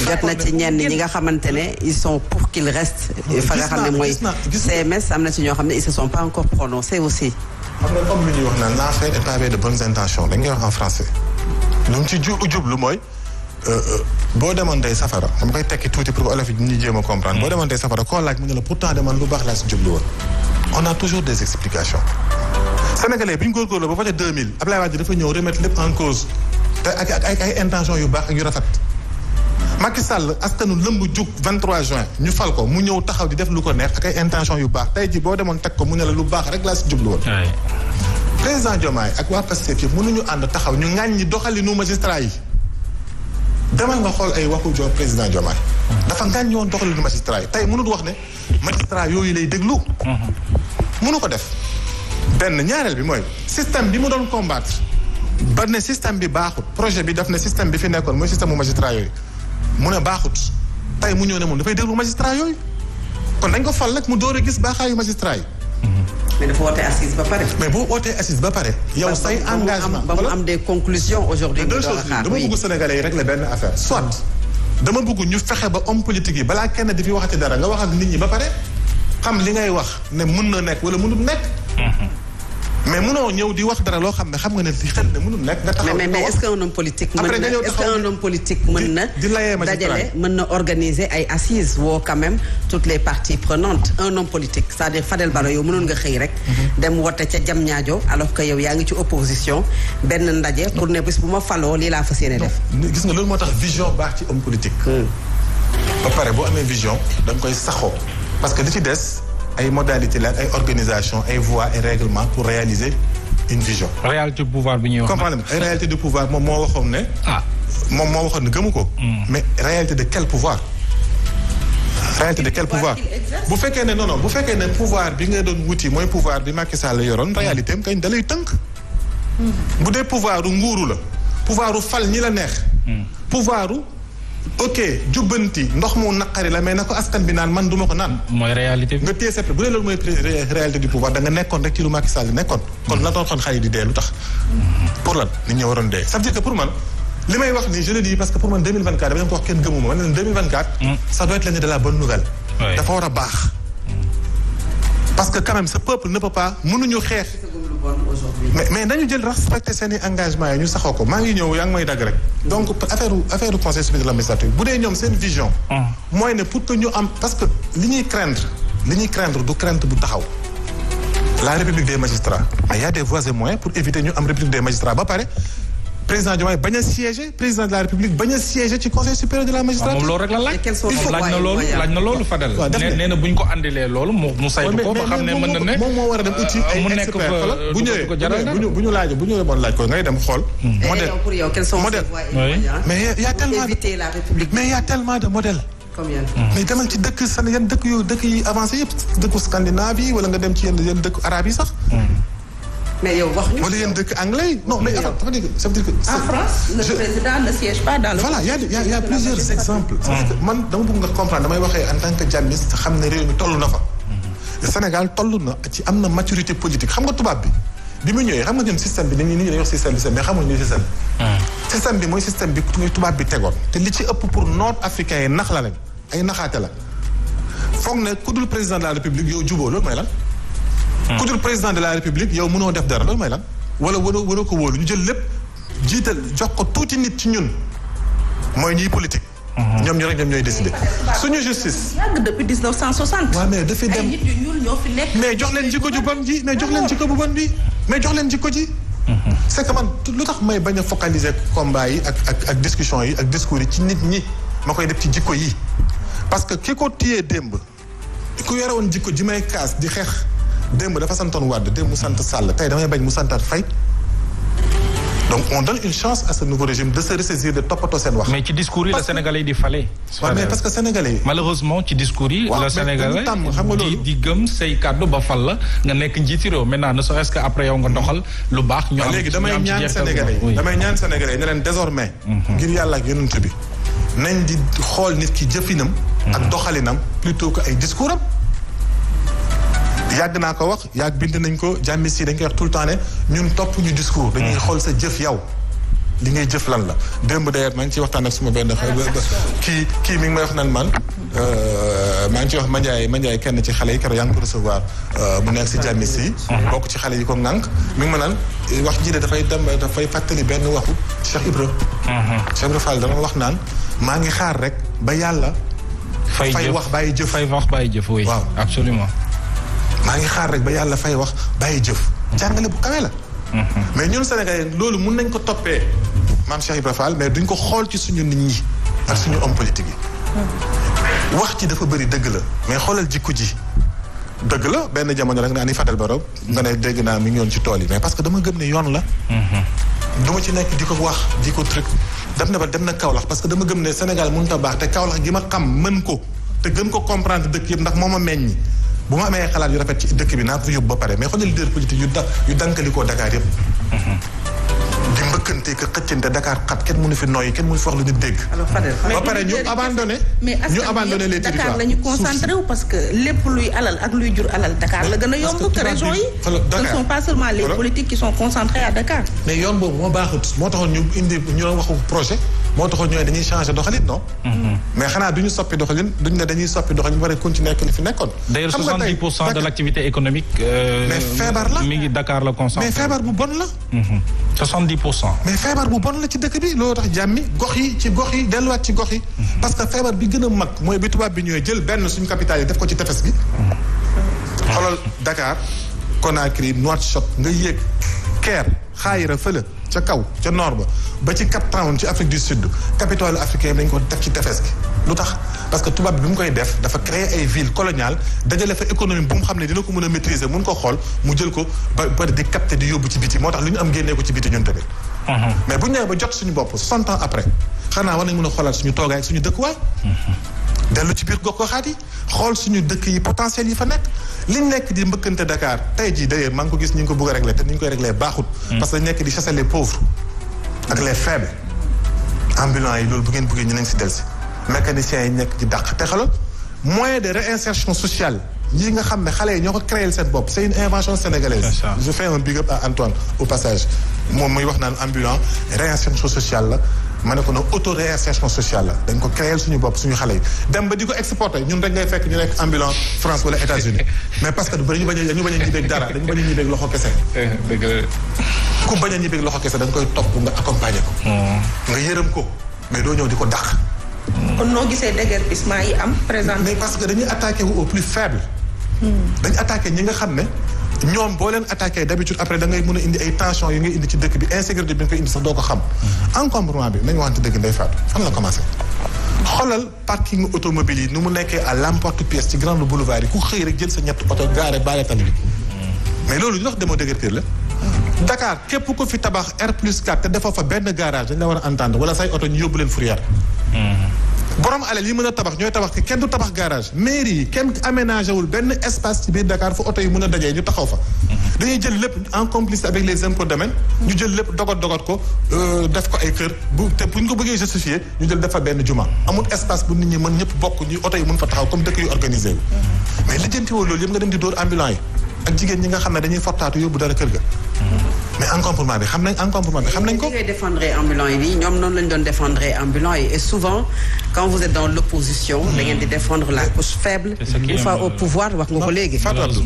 jot na ci ñenn ñi nga xamante ne ils sont pour qu'ils restent fa nga xam ne mooy CMS am na ci ñoo xam ne ils se pas encore prononcés aussi xam nga comme lu de bonnes intentions dañ koy wax en français lu mu mooy euh, euh, boo demoon tey safara dama koy tekki tuuti pour que olof yi ñu jéem a comprendre boo hmm. demoon safara koo laaj mu ne la pourtant demoon lu baax laa si jublu woon on a toujours des explications sénégalais bi ñu góorgóorloo ba voté 2000 Ablaye Wade dafa ñëw remettre lépp en cause te ak Macky Sall askanu lëmb jug 23 juin ñu fal ko mu ñëw taxaw di def lu ko neex intention yu baax tey ji boo demoon teg ko mu ne la lu baax rek laa si jublu woon président Diomaye ak waa Pastef yëpp mënuñu ànd taxaw ñu ŋàññ ñi doxalinu magistrat yi demal nga xool ay waxu joo président Diomaye dafa ŋàññ woon doxalinu magistrat yi tey mënut wax ne magistrat yooyu lay déglu mm-hmm. mënu ko def benn ñaareel bi mooy système bi mu doon combattre ba ne système bi baaxut projet bi daf ne système bi fi nekkoon mooy système mu magistrat yooyu mu ne baaxut tey mu ñëw ne moom dafay déglu magistrat yooyu kon dañ ko fal rek mu door a gis baaxaayu magistrat yi. mais dafa wootee assise ba pare. mais boo wootee assise ba pare. yow say engagement ba mu am des conclusions aujourd'hui deux choses dama bëgg Sénégalais yi rek la benn affaire soit dama bëgg ñu fexe ba homme politique yi balaa kenn di fi waxati dara nga wax ak nit ñi ba pare xam li ngay wax ne mën na nekk wala mënut nekk. mais munoo ñëw di wax dara loo xam ne xam nga ne si xel ne mënul nekk nga taxaw mais mais est-ce qu'un homme politique mën na est-ce qu'un homme politique mën na dajale mën na organiser ay assises woo quand même toutes les parties prenantes un homme politique c'est-à-dire Fadel Barro yow mënoon nga xëy rek mhm. dem wote ca jam ñaajo alors que yow yaa ngi ci opposition benn ndaje pour ne bés bu ma faloo lii laa fas yéene def gis nga loolu moo tax vision baax ci homme politique hmm. ba pare boo amee vision da nga koy saxoo parce que li ci des ay modalités la ay organisation ay voies réglement pour réaliser une vision. réalité de pouvoir bi ñuy wax. comprendre nga ay réalité de pouvoir moom moo waxoon ne. ah moom moo waxoon ne gëmu ko. Hmm. mais réalité de quel pouvoir. réalité de quel bu fekkee ne non bu fekkee ne pouvoir bi ngay doon wuti mooy pouvoir bi Macky Sall yoroon hmm. réalité am kañ da lay tënk. Hmm. bu dee pouvoir nguuru la. pouvoir fal ñi la neex. pouvoir ok jubbanti ndox mu naqari la mais na ko askan bi naan man du ma ko naan. mooy réalité bi nga téye sa bu dee loolu mooy réalité du pouvoir da nekkoon rek ci lu Macky Sall nekkoon. kon la mm. doon di dee lu tax. pour lan nit ñi waroon dee. ça dire que pour man li may wax nii je le parce que pour man 2024 dama leen ko wax kenn gëmuma ma ne leen mm. nouvelle. dafa war a baax. Mm. parce que quand même peuple ne peut mënuñu xeex. mais mais nañu jël respecté seen i engagement yi ñu saxoo ko maa ngi ñëw yaa ngi may dagg rek. donc affaire affaire conseil supérieur de l'administration bu dee ñoom seen vision. Mm. mooy ne pour que ñu am parce que li ñuy craindre li ñuy craindre du crainte bu taxaw. la république des magistrats mais y a des pour éviter ñu am république des magistrats ba pare. président Diomaye bañ a siéger président de la république bañ a siéger ci conseil supérieur de la magistrature. moom loolu laaj. na loolu laaj na loolu Fadel. waaw def bu ñu ko andilee loolu mu mu saytu ko. Euh, bu ñu laajee bu ñu demoon laaj ko ngay dem xool. Mm. modèle mais y' a mais y' a tellement mm. mais demal ci dëkk seen yan dëkk yu dëkk yi avancé yëpp dëkku Scandinavie wala nga dem ci yenn yenn dëkk yi sax. Mm. mais yow wax ñu. wala yéen dëkk a y' a y' a plusieurs exemples. man dama bëgg nga comprendre damay waxee en tant que jàmmiste xam ne réew mi toll na fa. Mm-hmm. Sénégal toll na ci am na maturité politique xam nga tubaab bi bi mu ñëwee xam nga ñun système bi dañuy nit ñi wax système bi sax mais xamuñu ne système bi. Mm. système bi mooy système bi tubaab bi tegoon. te li ci ëpp pour nord africain yi nax la lañ ay naxaate la foog ne ku dul président de la république yow jubóo loolu mooy lan. Hmm. ku dul président de la république yow mënoo def dara loolu mooy lan wala waroo waroo ko wóolu ñu jël lépp jiital jox ko tuuti nit ci ñun mooy ñiy politique. Hmm. ñoom ñu rek ñoom ñooy décider suñu justice. yàgg depuis 1960. waaw mais dafay dem ay nit yu ñuul ñoo jox leen jikko ju bon ji mais jox leen jikko bu bon bi mais jox leen jikko ji. Hmm. c'est que man lu tax may bañ a focaliser combat yi ak ak ak discussion yi ak discours yi ci nit ñi ma koy def ci jikko yi parce que ki ko téye démb ku yore woon jikko ji may kaas di xeex. démb dafa santoon Wade démb mu sant Sall tey damay bañ mu santaat Faye donc on donne une chance à ce nouveau régime de toppatoo seen wax. mais ci discours yi la sénégalais yi di fale. waaw mais parce que sénégalais yi. malheureusement ci discours yi. la sénégalais di di gëm say kàddu ba fal la nga nekk njiiti réew maintenant ne serait-ce après yow nga mm-hmm. doxal lu baax. ñu am léegi damay ñaan sénégalais yi damay ñaan sénégalais yi ne leen désormais. Mm-hmm. ngir yàlla ak yonent bi nañ di xool nit ki jëfinam. Mm-hmm. ak doxalinam plutôt que ay discours am. yàgg naa ko wax yàgg bind nañ ko jàmmi si dañ koy wax tout le temps ñun topp ñu discours. Hmm. dañuy xool sa jëf yow. li ngay jëf lan la démb d'ailleurs maa ngi ciy waxtaan ak suma benn xel ah, kii kii mi ngi may wax nan man euh, maa ngi ciy wax Mandiaye Mandiaye kenn ci xale yi keroog yaa ngi ko recevoir euh, mu nekk si jàmmi si hmm. bokk ci xale yi ko ŋànk mi ngi ma naan wax ji de dafay dem dafay fàttali benn waxu Cheikh Ibra hmm. Cheikh Ibra Fall dama wax naan maa ngi xaar rek ba yàlla fay wax bàyyi jëf fay wax bàyyi jëf waaw maa ngi xaar rek ba yàlla fay wax bàyyi jëf jàngale bu kawe la mhm. mais ñun Sénégalais loolu mun nañ ko toppee maam Cheikh Ibra mais duñ ko xool ci suñu nit ñi ak suñu homme politique yi mhm. wax ci dafa bëri dëgg la mais xoolal jikko ji dëgg la benn jamono rek naa ni Fatal Barrow nga ne dégg naa mu ngi yoon ci tool yi mais parce que dama gëm ne yoon la mhm. duma ci nekk di ko wax di ko truc def na ba dem na Kaolack parce que dama gëm ne Sénégal mënut a baax te Kaolack gi ma xam mën ko te gën ko comprendre dëkk yëpp ndax moo ma meññ bu ma amee xalaat yu rafet ci dëkk bi naa ko fi yóbbu ba pare mais xoolal leader politique yu yu dankalikoo Dakar yëpp. Mhm. di mbëkkante ka xëccante Dakar xat kenn mënu fi nooyi kenn mënu fi wax lu dégg. ba pare ñu abandonné. ñu abandonné les territoires Dakar la ñu parce que lépp luy alal ak luy jur alal Dakar la gën a yomb. que régions yi ce pas seulement les politiques qui sont concentrés à Dakar. mais yoon boobu moo baaxut moo taxoon ñu indi ñu waxu projet. moo taxoon ñooy dañuy changer doxalin non. Mm-hmm. mais xanaa du ñu soppi doxalin duñ ne dañuy soppi doxalin war a continuer ak li fi nekkoon. d'ailleurs 70 pour cent de l'activité économique. Euh, mais feebar la mi ngi Dakar la concentré. mais feebar bu bon la. 70 mm-hmm. pour cent. mais feebar bu bon la ci dëkk bi loolu tax jàmmi gox yi ci gox yi delluwaat ci gox yi. Mm-hmm. parce que feebar bi gën a mag mooy bi tubaab bi ñooy jël benn suñu capital yi def ko ci tefes bi. xoolal Dakar Conakry Nouakchott nga yéeg Caire Xaayira fële. ca kaw ca nord ba ba ci Cape Town ci Afrique du Sud capitale africaine dañ ko def ci tefes gi lu tax parce que tubaab bi mu koy def dafa créer ay villes coloniales dajale fa économie bu mu xam ne dina ko mën a maîtriser mun ko xool mu jël ko ba ba di capter di yóbbu ci biti moo tax lu ñu am génnee ko ci biti ñun tamit mhm. mais bu ñu ñëwee ba jot suñu bopp soixante ans après xanaa war nañ mën a xoolaat suñu toogaay ak suñu dëkkuwaay mhm. dellu ci biir gox-goxaat yi xool suñu dëkk yi potentiel yi fa nekk liñ nekk di mbëkkante dakaar tey jii dee maa ngi ko gis ñu ngi ko bëgg a régler te ni ñu koy régler baaxut. Hmm. parce que nekk di chasser les pauvres ak les faibles. ambulants yi loolu bu ngeen bëggee ñu nañ si si mécaniciens yi nekk di dàq te xelal moyen de réinsertion sociale yi nga xam ne xale yi ñoo ko créé seen bopp c'est une invention sénégalaise. je fais un big up à Antoine au passage moom muy wax naan la. ma ne ko nag auto réinsertion sociale la dañ ko créer suñu bopp suñu xale yi dem ba di ko exporter ñun rek ngay fekk ñu nekk ambulance France wala États-Unis mais parce que dañu bañ dañu a ñibbeeg dara dañu bañ a ñibbeeg loxo kese. dëgg la ku a ñibbeeg loxo kese da nga ko. Hmm. nga doo ñëw di ko dàq. Hmm. kon noo gisee déguerpissement yi am. présentement mais parce que dañuy attaqué wu au plus faible. Hmm. dañu attaqué ñi nga xam ne. ñoom boo leen attaqué d'habitude après da ngay mën a indi ay tension yi ngay indi ci dëkk bi insécurité bi nga koy indi sax doo ko xam encombrement bi nañu waxante dëgg nday faatu fan la commencé xoolal parking automobile yi ni mu nekkee à lemporte ci grande boulevard yi ku xëy rek jël sa ñett oto gaare baale tali bi mais loolu ñu wax demoo dëgërtéer la dakaar képp ko fi tabax R plus 4 te dafa fa benn garage dañ la war a entendre wala say oto yóbbu leen fourrière borom alal yi mën a tabax ñooy tabax kenn du tabax garage mairie yi kenn aménagé wul benn espace ci biir Dakar fu oto yi mën a dajee ñu taxaw fa. dañuy jël lépp en complice avec les impôts domaine ñu jël lépp dogot dogot ko euh, def ko ay kër bu te bu ko bëggee justifier ñu jël dafa benn juma amul espace bu nit ñi mën ñëpp bokk ñu oto yi mën fa taxaw comme dëkk yu organisé wu. mais lijjanti woo loolu yëpp nga dem di dóor ambulant yi ak jigéen ñi nga xam ne dañuy fortaatu yóbbu dara kër ga. mais encombrement bi xam nañ encombrement bi xam nañ ko. ngay défendre ambulant yi ñoom noonu lañ doon défendre ambulant souvent quand vous êtes dans l'opposition da ngeen di faible. au pouvoir wax nga